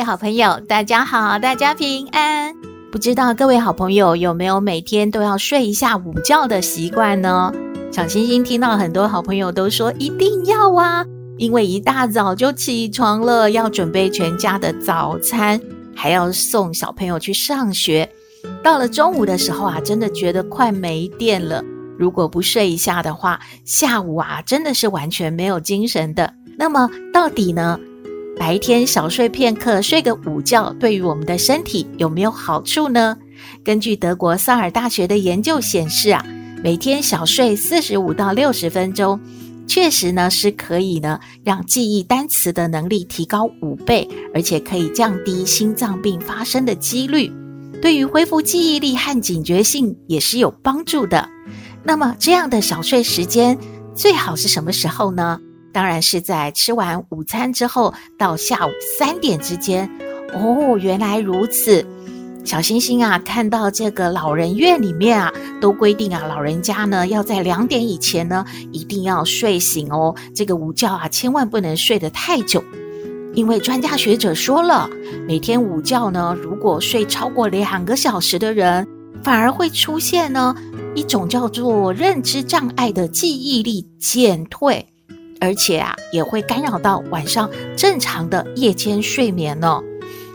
各位好朋友，大家好，大家平安。不知道各位好朋友有沒有每天都要睡一下午覺的習慣呢？小星星聽到很多好朋友都說一定要啊，因為一大早就起床了，要準備全家的早餐，還要送小朋友去上學。到了中午的時候啊，真的覺得快沒電了。如果不睡一下的話，下午啊，真的是完全沒有精神的。那麼到底呢？白天小睡片刻，睡個午覺，對於我們的身體有沒有好處呢？根據德國薩爾大學的研究顯示啊，每天小睡四十五到六十分鐘，確實呢是可以呢，讓記憶單詞的能力提高五倍，而且可以降低心臟病發生的幾率。對於恢復記憶力和警覺性也是有幫助的。那麼這樣的小睡時間最好是什麼時候呢？當然是在吃完午餐之後到下午三點之間哦。原來如此，小星星啊，看到這個老人院裡面啊，都規定啊，老人家呢要在兩點以前呢一定要睡醒哦。這個午覺啊，千萬不能睡得太久，因為專家學者說了，每天午覺呢，如果睡超過兩個小時的人，反而會出現呢一種叫做認知障礙的記憶力減退。而且啊，也會干擾到晚上正常的夜間睡眠呢。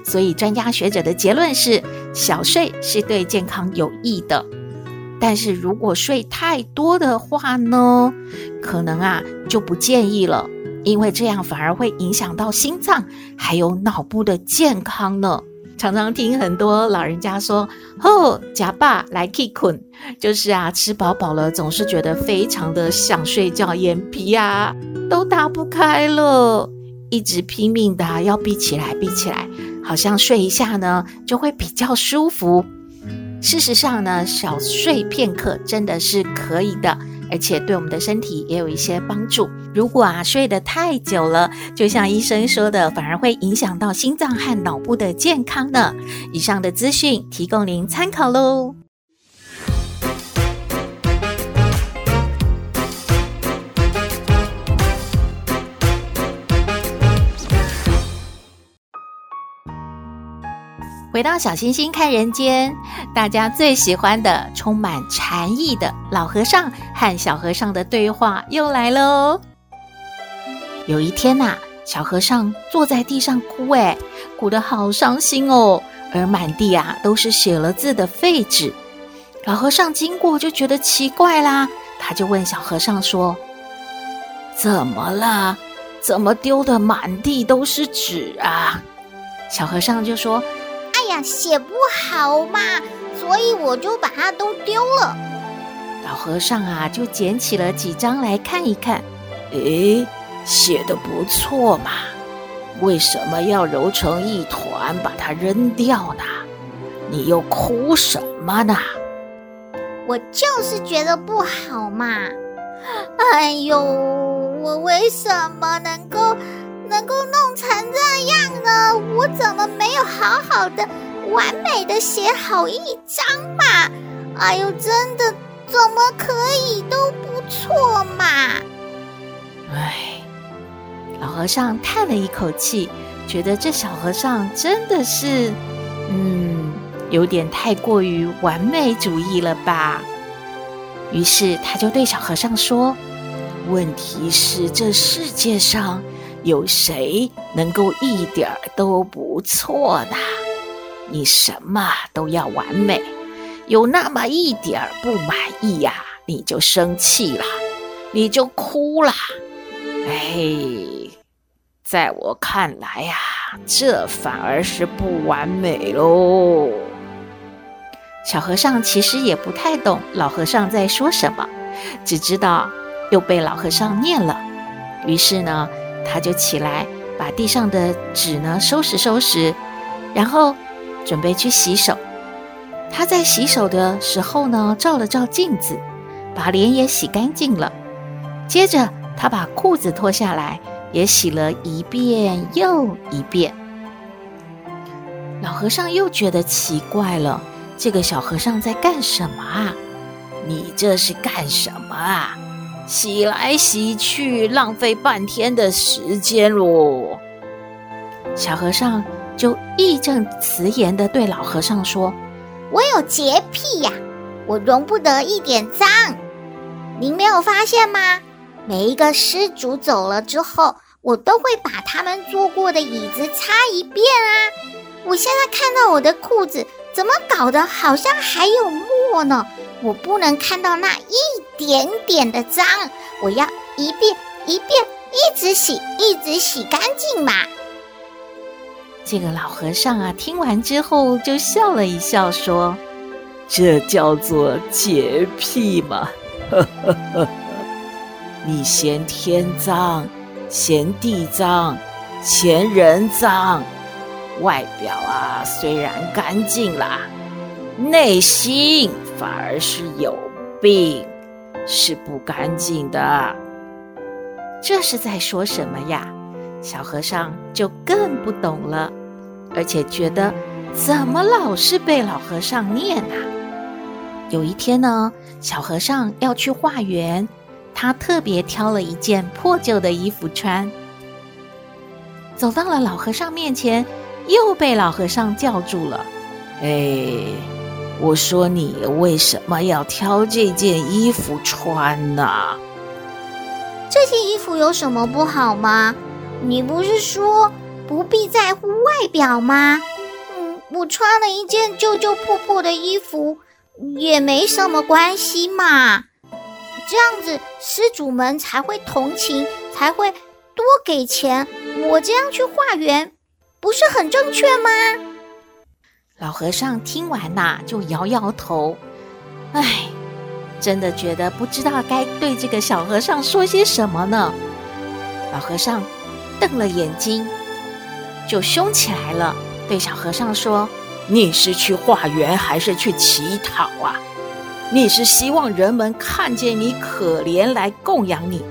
所以，專家學者的結論是：小睡是對健康有益的。但是如果睡太多的話呢，可能啊就不建議了，因為這樣反而會影響到心臟還有腦部的健康呢。常常聽很多老人家說：“哦，假爸來 Kun，就是啊，吃飽飽了總是覺得非常的想睡覺，眼皮呀、啊。”都打不開了，一直拼命的啊，要閉起來，閉起來，好像睡一下呢就會比較舒服。事實上呢，小睡片刻真的是可以的，而且對我們的身體也有一些幫助。如果啊睡得太久了，就像醫生說的，反而會影響到心臟和腦部的健康呢。以上的資訊提供您參考嘍。回到小星星看人間，大家最喜歡的充滿禪意的老和尚和小和尚的對話又來嘍。有一天吶、啊，小和尚坐在地上哭，哎，哭得好傷心哦。而滿地啊都是寫了字的廢紙。老和尚經過就覺得奇怪啦，他就問小和尚說：“怎麼啦？怎麼丟的滿地都是紙啊？”小和尚就說，寫不好嘛，所以我就把它都丟了。老和尚啊，就撿起了幾張來看一看。哎，寫的不錯嘛，為什麼要揉成一團把它扔掉呢？你又哭什麼呢？我就是覺得不好嘛。哎呦，我為什麼能夠能夠弄成這樣呢？我怎麼沒有好好的？完美的寫好一張嘛，哎呦，真的怎麼可以都不錯嘛？哎，老和尚嘆了一口氣，覺得這小和尚真的是，嗯，有點太過於完美主義了吧。於是他就對小和尚說：“問題是這世界上有誰能夠一點兒都不錯的？你什麼都要完美，有那麼一點兒不滿意呀，你就生氣了，你就哭了。哎，在我看來呀，這反而是不完美嘍。小和尚其實也不太懂老和尚在說什麼，只知道又被老和尚念了。於是呢，他就起來把地上的紙呢收拾收拾，然後。準備去洗手，他在洗手的時候呢，照了照鏡子，把臉也洗乾淨了。接着，他把褲子脫下來，也洗了一遍又一遍。老和尚又覺得奇怪了：這個小和尚在幹什麼啊？你這是幹什麼啊？洗來洗去，浪費半天的時間嘍！小和尚。就義正詞嚴地對老和尚說：“我有潔癖呀、啊，我容不得一點髒。您沒有發現嗎？每一個施主走了之後，我都會把他們坐過的椅子擦一遍啊。我現在看到我的褲子怎麼搞得好像還有墨呢。我不能看到那一點點的髒，我要一遍一遍一直洗，一直洗乾淨嘛。”這個老和尚啊，聽完之後就笑了一笑，說：“這叫做潔癖嘛， 你嫌天髒，嫌地髒，嫌人髒，外表啊雖然乾淨啦，內心反而是有病，是不乾淨的。這是在說什麼呀？”小和尚就更不懂了，而且覺得怎麼老是被老和尚念呢啊？有一天呢，小和尚要去化緣，他特別挑了一件破舊的衣服穿。走到了老和尚面前，又被老和尚叫住了。哎，我說你為什麼要挑這件衣服穿呢？這件衣服有什麼不好嗎？你不是說不必在乎外表嗎？嗯，我穿了一件舊舊破破的衣服，也沒什麼關係嘛。這樣子施主們才會同情，才會多給錢。我這樣去化緣，不是很正確嗎？老和尚聽完吶、啊，就搖搖頭。唉，真的覺得不知道該對這個小和尚說些什麼呢。老和尚。瞪了眼睛，就凶起來了，對小和尚說：“你是去化緣還是去乞討啊？你是希望人們看見你可憐來供養你，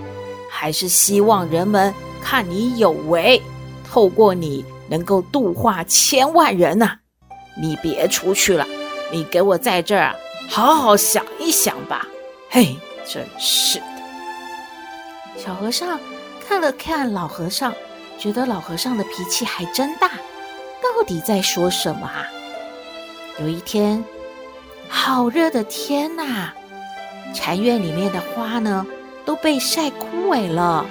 還是希望人們看你有為，透過你能夠度化千萬人啊？你別出去了，你給我在這兒好好想一想吧！嘿，真是的，小和尚。”看了看老和尚，覺得老和尚的脾氣還真大，到底在說什麼啊？有一天，好熱的天吶，禪院裡面的花呢都被曬枯萎了。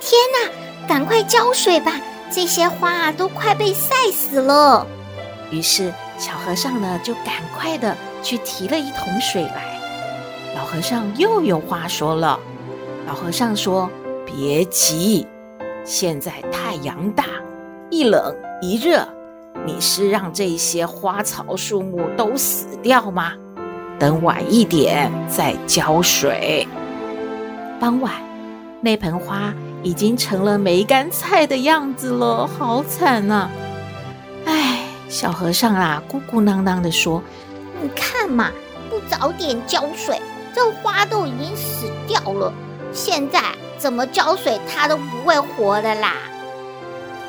天吶，趕快澆水吧，這些花啊，都快被晒死了。於是小和尚呢就趕快的去提了一桶水來。老和尚又有話說了。老和尚說。別急，現在太陽大，一冷一熱，你是讓這些花草樹木都死掉嗎？等晚一點再澆水。傍晚，那盆花已經成了梅乾菜的樣子了，好慘吶、啊！唉，小和尚啊，咕咕囔囔地說：“你看嘛，不早點澆水，這花都已經死掉了。現在……”怎麼澆水，它都不會活的啦！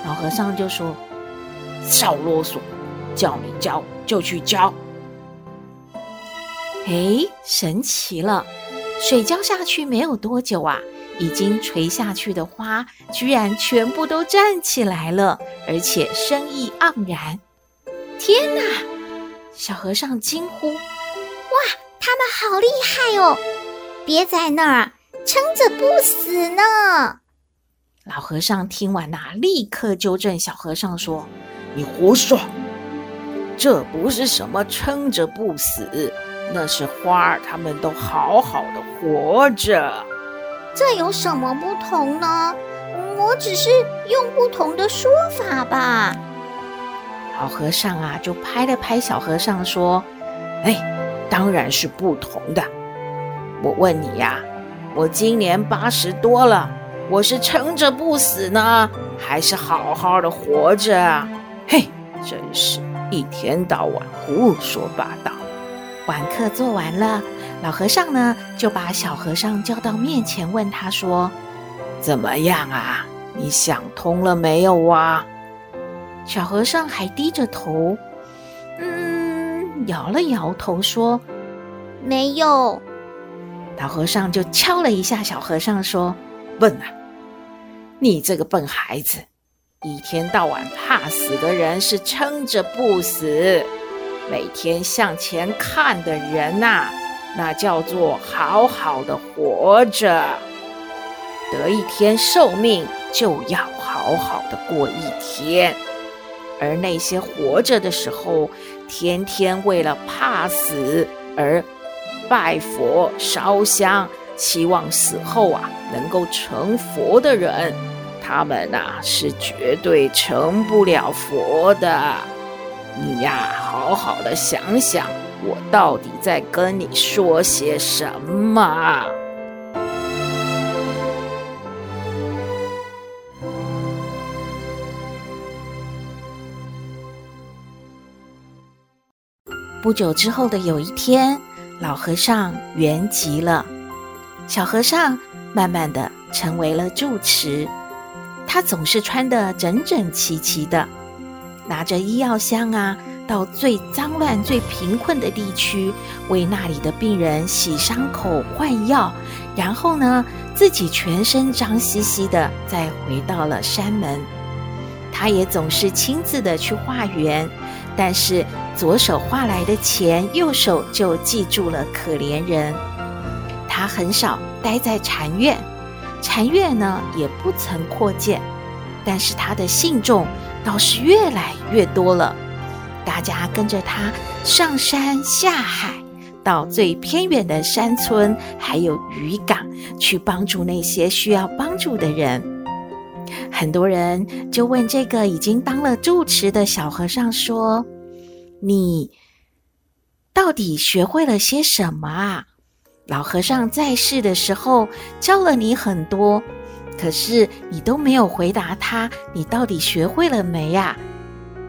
老和尚就說：“嗯、少囉嗦，叫你澆就去澆。”哎，神奇了！水澆下去沒有多久啊，已經垂下去的花居然全部都站起來了，而且生意盎然。天哪！小和尚驚呼：“哇，他們好厲害哦！”別在那兒撐着不死呢？老和尚聽完吶、啊，立刻糾正小和尚說：“你胡說，這不是什麼撐着不死，那是花兒，他們都好好的活着，這有什麼不同呢？我只是用不同的說法吧。”老和尚啊，就拍了拍小和尚說：“哎，當然是不同的。我問你呀、啊。”我今年八十多了，我是撐着不死呢，還是好好的活着？嘿，真是，一天到晚胡說八道。晚課做完了，老和尚呢就把小和尚叫到面前，問他說：“怎麼樣啊？你想通了沒有啊？”小和尚還低着頭，嗯，搖了搖頭說：“沒有。”老和尚就敲了一下小和尚，說：“笨啊，你這個笨孩子，一天到晚怕死的人是撐着不死，每天向前看的人吶、啊，那叫做好好的活着。得一天壽命，就要好好的過一天。而那些活着的時候，天天為了怕死而……”拜佛燒香，希望死後啊能夠成佛的人，他們吶、啊、是絕對成不了佛的。你呀、啊，好好的想想，我到底在跟你說些什麼？不久之後的有一天。老和尚圓寂了，小和尚慢慢的成為了住持。他總是穿得整整齊齊的，拿着醫藥箱啊，到最髒亂、最貧困的地區，為那裡的病人洗傷口、換藥，然後呢，自己全身髒兮兮的，再回到了山門。他也總是親自的去化緣，但是，左手化來的錢，右手就記住了可憐人。他很少待在禪院，禪院呢，也不曾擴建，但是他的信眾倒是越來越多了。大家跟着他上山下海，到最偏遠的山村還有漁港，去幫助那些需要幫助的人。很多人就問這個已經當了住持的小和尚說。你到底學會了些什麼啊？老和尚在世的時候教了你很多，可是你都沒有回答他。你到底學會了沒呀啊？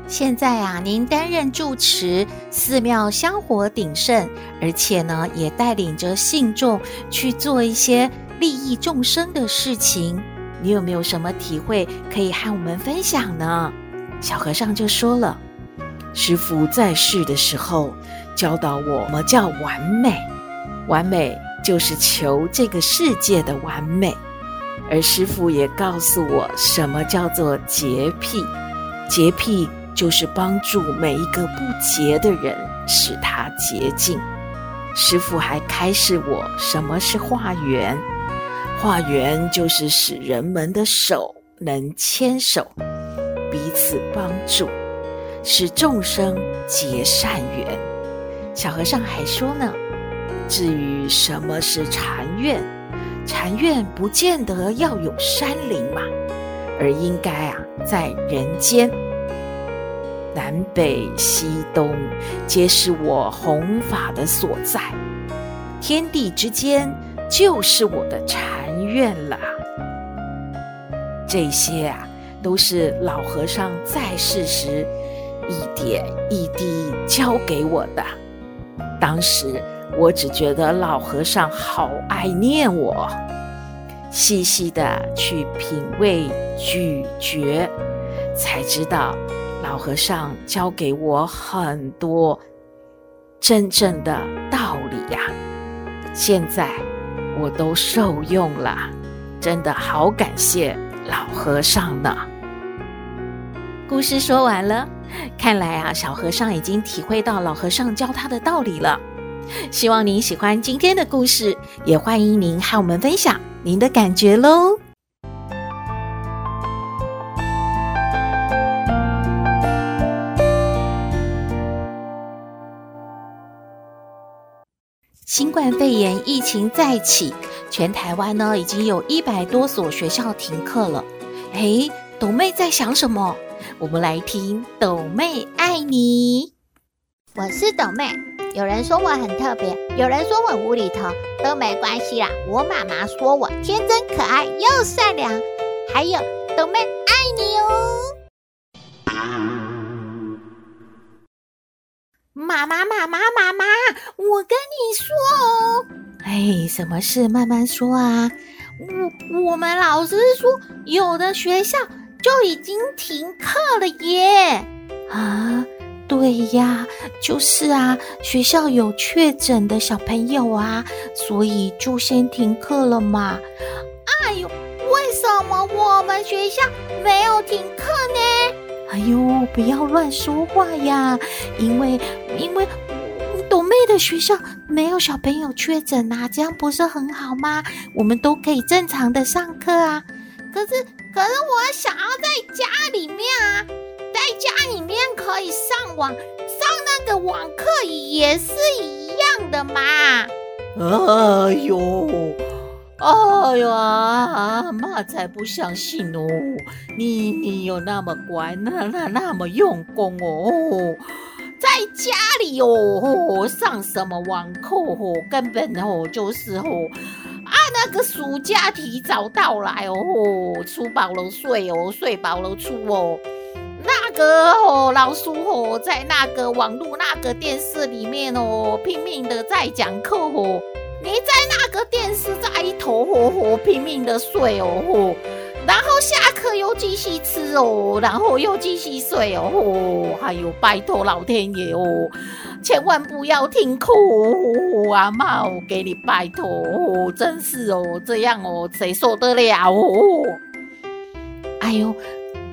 現在啊，您擔任住持，寺廟香火鼎盛，而且呢，也帶領着信眾去做一些利益眾生的事情。你有沒有什麼體會可以和我們分享呢？小和尚就說了。師父在世的時候教導我們什麼叫完美？完美就是求這個世界的完美。而師父也告訴我，什麼叫做潔癖？潔癖就是幫助每一個不潔的人，使他潔淨。師父還開示我，什麼是化緣？化緣就是使人們的手能牽手，彼此幫助。是眾生結善緣。小和尚還說呢：“至於什麼是禪院，禪院不見得要有山林嘛，而應該啊，在人間，南北西東皆是我弘法的所在，天地之間就是我的禪院了。這些啊，都是老和尚在世時。”一點一滴教給我的，當時我只覺得老和尚好愛念我，細細的去品味咀嚼，才知道老和尚教給我很多真正的道理呀。現在我都受用了，真的好感謝老和尚呢。故事說完了。看來啊，小和尚已經體會到老和尚教他的道理了。希望您喜歡今天的故事，也歡迎您和我們分享您的感覺嘍。新冠肺炎疫情再起，全台灣呢，已經有一百多所學校停課了。誒，斗妹在想什麼？我們來聽斗妹愛你，我是斗妹。有人說我很特別，有人說我無厘頭，都沒關係啦。我媽媽說我天真可愛又善良，還有斗妹愛你哦。媽媽媽媽媽媽，媽，我跟你說哦。哎，什麼事慢慢說啊。我我們老師說，有的學校就已經停課了耶！啊，對呀，就是啊，學校有確診的小朋友啊，所以就先停課了嘛。哎呦，為什麼我們學校沒有停課呢？哎呦，不要亂說話呀！因為因為斗妹的學校沒有小朋友確診啊，這樣不是很好嗎？我們都可以正常的上課啊。可是，可是我想要在家裡面啊，在家裡面可以上網，上那個網課也是一樣的嘛。哎呦，哎呦啊，媽才不相信哦！你你有那麼乖，那那那麼用功哦，哦在家裡哦上什麼網課哦，根本哦就是哦。啊，那個暑假提早到來哦吼，吃飽了睡哦，睡飽了吃哦。那個哦，老師哦，在那個網絡那個電視裡面哦，拼命的在講課哦。你在那個電視在一頭哦，拼命的睡哦吼。然後下課又繼續吃哦，然後又繼續睡哦，吼！有、哎、拜托老天爺哦，千萬不要停課哦，阿媽，我給你拜托，哦，真是哦，這樣哦，誰受得了？哦？哎呦，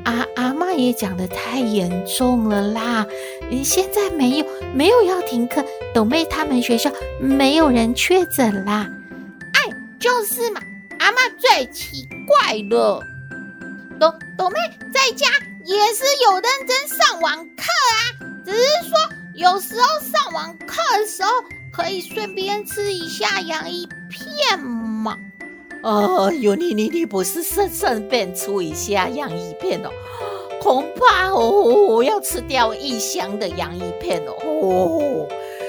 阿、啊、阿、啊、媽也講的太嚴重了啦！你現在沒有沒有要停課，斗妹他們學校沒有人確診啦。哎，就是嘛。媽媽最奇怪了，斗斗妹在家也是有認真上網課啊，只是說有時候上網課的時候可以順便吃一下洋芋片嘛。哦、呃，有你你你不是順順便吃一下洋芋片哦，恐怕哦，哦要吃掉一箱的洋芋片哦。哦哦哦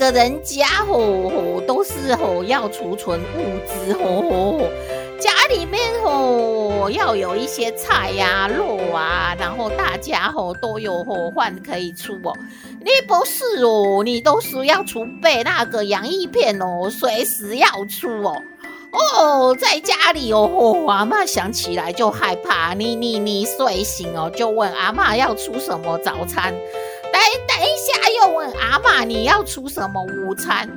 個人家吼，吼，都是吼要儲存物資吼，吼，家裡面吼要有一些菜呀、啊、肉啊，然後大家吼都有火可以出哦、喔。你不是哦、喔，你都是要儲備那個洋芋片哦、喔，隨時要出哦、喔。哦、oh,，在家裡哦，阿媽想起來就害怕，你你你睡醒哦、喔，就問阿媽要出什麼早餐。等等一下，又問阿嬤你要出什麼午餐，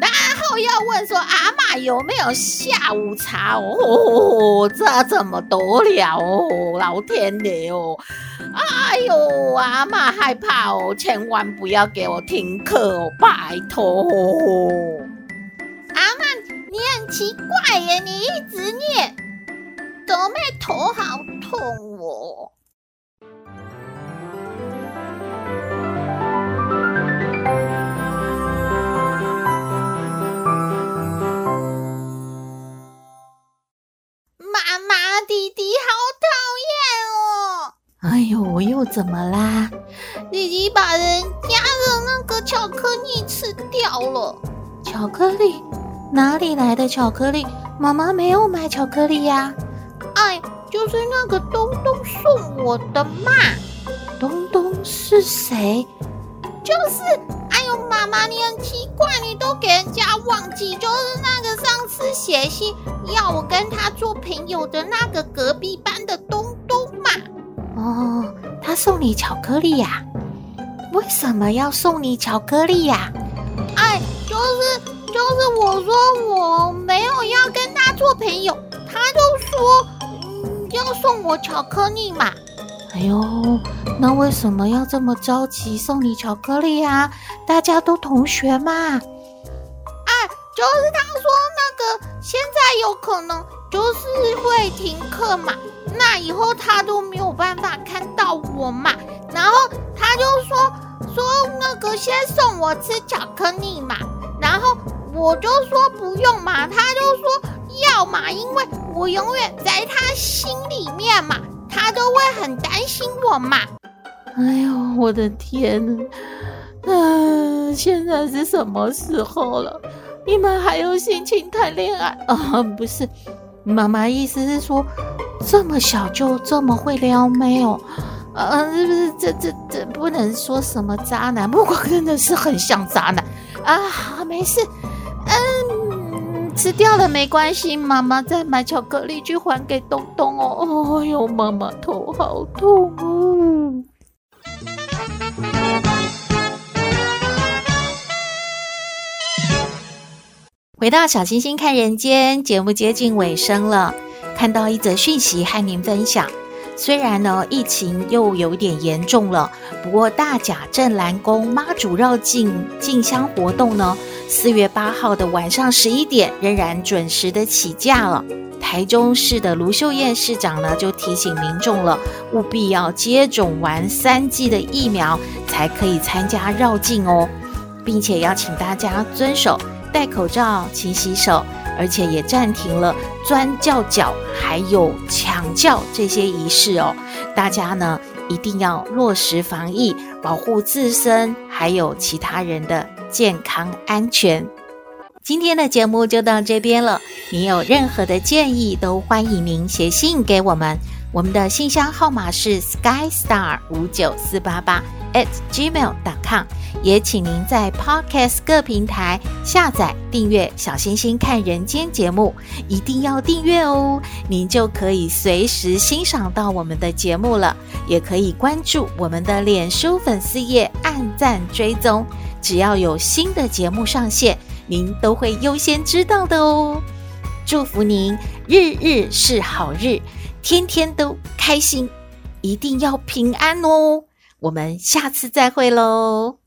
然後又問說阿嬤有沒有下午茶哦吼吼吼？這怎麼得了哦？老天爺哦！哎呦，阿嬤害怕哦，千萬不要給我停課哦，拜託哦！阿嬤，你很奇怪耶，你一直念，斗妹頭好痛哦。弟弟好討厭哦！哎呦，我又怎麼啦？弟弟把人家的那個巧克力吃掉了。巧克力？哪裡來的巧克力？媽媽沒有買巧克力呀，啊。哎，就是那個東東送我的嘛。東東是誰？就是。媽媽，你很奇怪，你都給人家忘記，就是那個上次寫信要我跟他做朋友的那個隔壁班的東東嘛。哦，他送你巧克力呀？為什麼要送你巧克力呀？哎，就是就是我說我沒有要跟他做朋友，他就說，嗯，要送我巧克力嘛。哎呦，那為什麼要這麼着急送你巧克力呀？啊？大家都同學嘛。啊，就是他說那個，現在有可能就是會停課嘛，那以後他都沒有辦法看到我嘛。然後他就說說那個先送我吃巧克力嘛，然後我就說不用嘛，他就說要嘛，因為我永遠在他心裡面嘛。他就會很擔心我嘛？哎呦，我的天！嗯、呃，現在是什麼時候了？你們還有心情談戀愛啊？不是，媽媽意思是說，這麼小就這麼會撩妹哦？嗯，是不是？這這這不能說什麼渣男，不過真的是很像渣男啊！好，沒事，嗯、呃。吃掉了沒關係，媽媽再買巧克力去還給東東哦。哎呦，媽媽頭好痛哦。回到小星星看人間，節目接近尾聲了，看到一則訊息，和您分享。雖然呢，疫情又有點嚴重了，不過大甲鎮瀾宮媽祖繞境進香活動呢，四月八號的晚上十一點，仍然準時的起駕了。台中市的盧秀燕市長呢，就提醒民眾了，務必要接種完三劑的疫苗，才可以參加繞境哦，並且要請大家遵守戴口罩、勤洗手。而且也暫停了鑽轎腳、還有搶轎這些儀式哦。大家呢，一定要落實防疫，保護自身還有其他人的健康安全。今天的節目就到這邊了。您有任何的建議，都歡迎您寫信給我們。我們的信箱號碼是 skystar 五九四八八 at gmail.com。也請您在 Podcast 各平台下載訂閱“小星星看人間”節目，一定要訂閱哦！您就可以隨時欣賞到我們的節目了。也可以關注我們的臉書粉絲頁，按讚追蹤，只要有新的節目上線，您都會優先知道的哦。祝福您日日是好日，天天都開心，一定要平安哦！我們下次再會嘍。